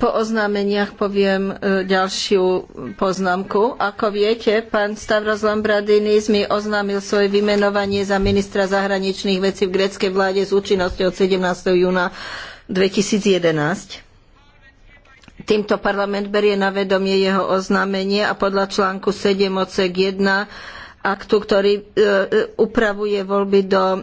Po oznámeniach poviem e, ďalšiu poznámku. Ako viete, pán Stavros Lambradinis mi oznámil svoje vymenovanie za ministra zahraničných vecí v gréckej vláde s účinnosťou 17. júna 2011. Týmto parlament berie na vedomie jeho oznámenie a podľa článku 7 odsek 1 aktu, ktorý e, e, upravuje voľby do e,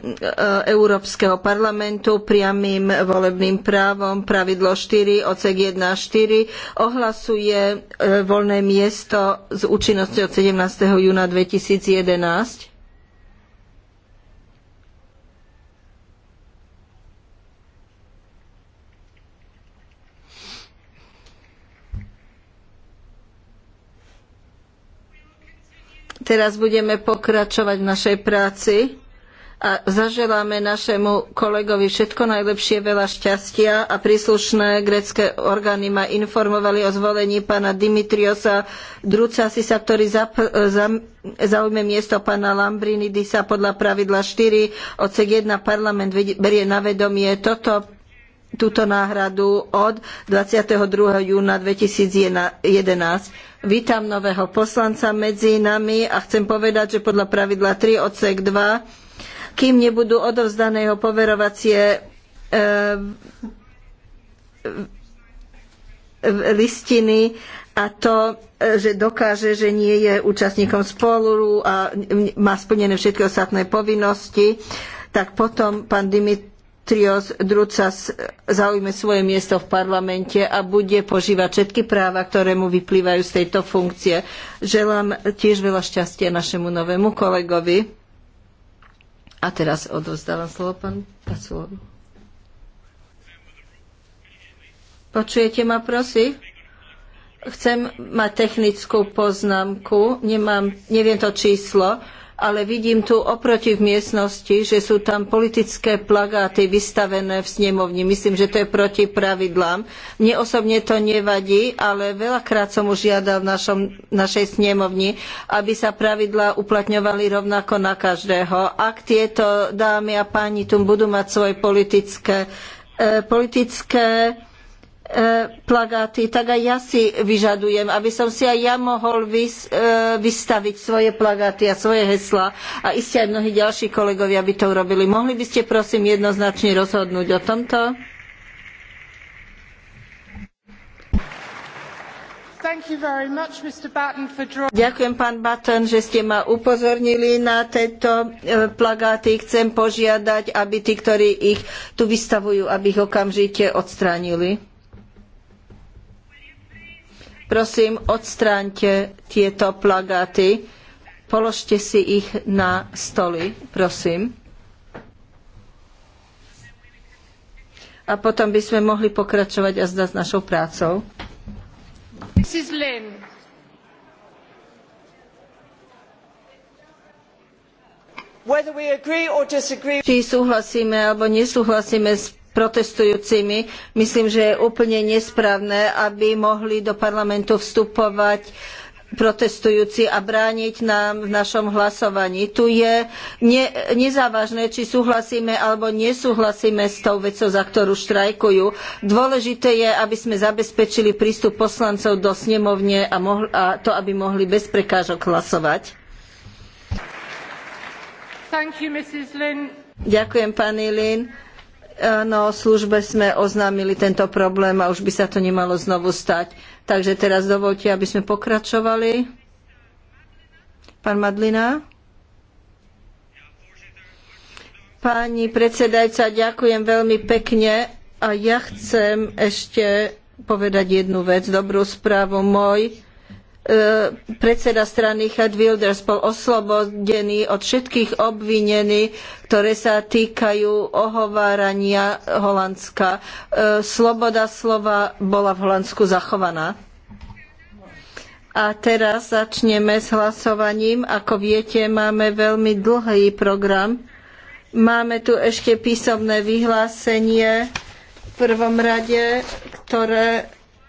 Európskeho parlamentu priamým volebným právom, pravidlo 4, ocek 1 4, ohlasuje voľné miesto s účinnosťou 17. júna 2011. Teraz budeme pokračovať v našej práci a zaželáme našemu kolegovi všetko najlepšie, veľa šťastia a príslušné grécke orgány ma informovali o zvolení pána Dimitriosa Drucasisa, ktorý zap- za- zaujme miesto pána Lambrinidisa podľa pravidla 4 odsek 1 parlament berie na vedomie toto túto náhradu od 22. júna 2011. Vítam nového poslanca medzi nami a chcem povedať, že podľa pravidla 3 odsek 2, kým nebudú odovzdané jeho poverovacie e, listiny a to, e, že dokáže, že nie je účastníkom spolu a má splnené všetky ostatné povinnosti, tak potom pán Dimit Trios Drucas zaujme svoje miesto v parlamente a bude požívať všetky práva, ktoré mu vyplývajú z tejto funkcie. Želám tiež veľa šťastia našemu novému kolegovi. A teraz odovzdávam slovo pán Paculovi. Počujete ma, prosím? Chcem mať technickú poznámku, Nemám, neviem to číslo ale vidím tu oproti v miestnosti, že sú tam politické plagáty vystavené v snemovni. Myslím, že to je proti pravidlám. Mne osobne to nevadí, ale veľakrát som už žiadal v našom, našej snemovni, aby sa pravidlá uplatňovali rovnako na každého. Ak tieto dámy a páni tu budú mať svoje politické, eh, politické E, plagáty, tak aj ja si vyžadujem, aby som si aj ja mohol vys, e, vystaviť svoje plagáty a svoje heslá. A iste aj mnohí ďalší kolegovia by to urobili. Mohli by ste prosím jednoznačne rozhodnúť o tomto? Ďakujem, pán Batten, že ste ma upozornili na tieto e, plagáty. Chcem požiadať, aby tí, ktorí ich tu vystavujú, aby ich okamžite odstránili. Prosím, odstráňte tieto plagáty. Položte si ich na stoly, prosím. A potom by sme mohli pokračovať a zdať s našou prácou. Mrs. Lynn. Či súhlasíme alebo nesúhlasíme s protestujúcimi. Myslím, že je úplne nesprávne, aby mohli do parlamentu vstupovať protestujúci a brániť nám v našom hlasovaní. Tu je ne, nezávažné, či súhlasíme alebo nesúhlasíme s tou vecou, za ktorú štrajkujú. Dôležité je, aby sme zabezpečili prístup poslancov do snemovne a, mohli, a to, aby mohli bez prekážok hlasovať. You, Ďakujem, pani Lynn. No, službe sme oznámili tento problém a už by sa to nemalo znovu stať. Takže teraz dovolte, aby sme pokračovali. Pán Madlina? Pani predsedajca, ďakujem veľmi pekne a ja chcem ešte povedať jednu vec, dobrú správu. Môj E, predseda strany Wilders bol oslobodený od všetkých obvinení, ktoré sa týkajú ohovárania Holandska. E, sloboda slova bola v Holandsku zachovaná. A teraz začneme s hlasovaním. Ako viete, máme veľmi dlhý program. Máme tu ešte písomné vyhlásenie v prvom rade, ktoré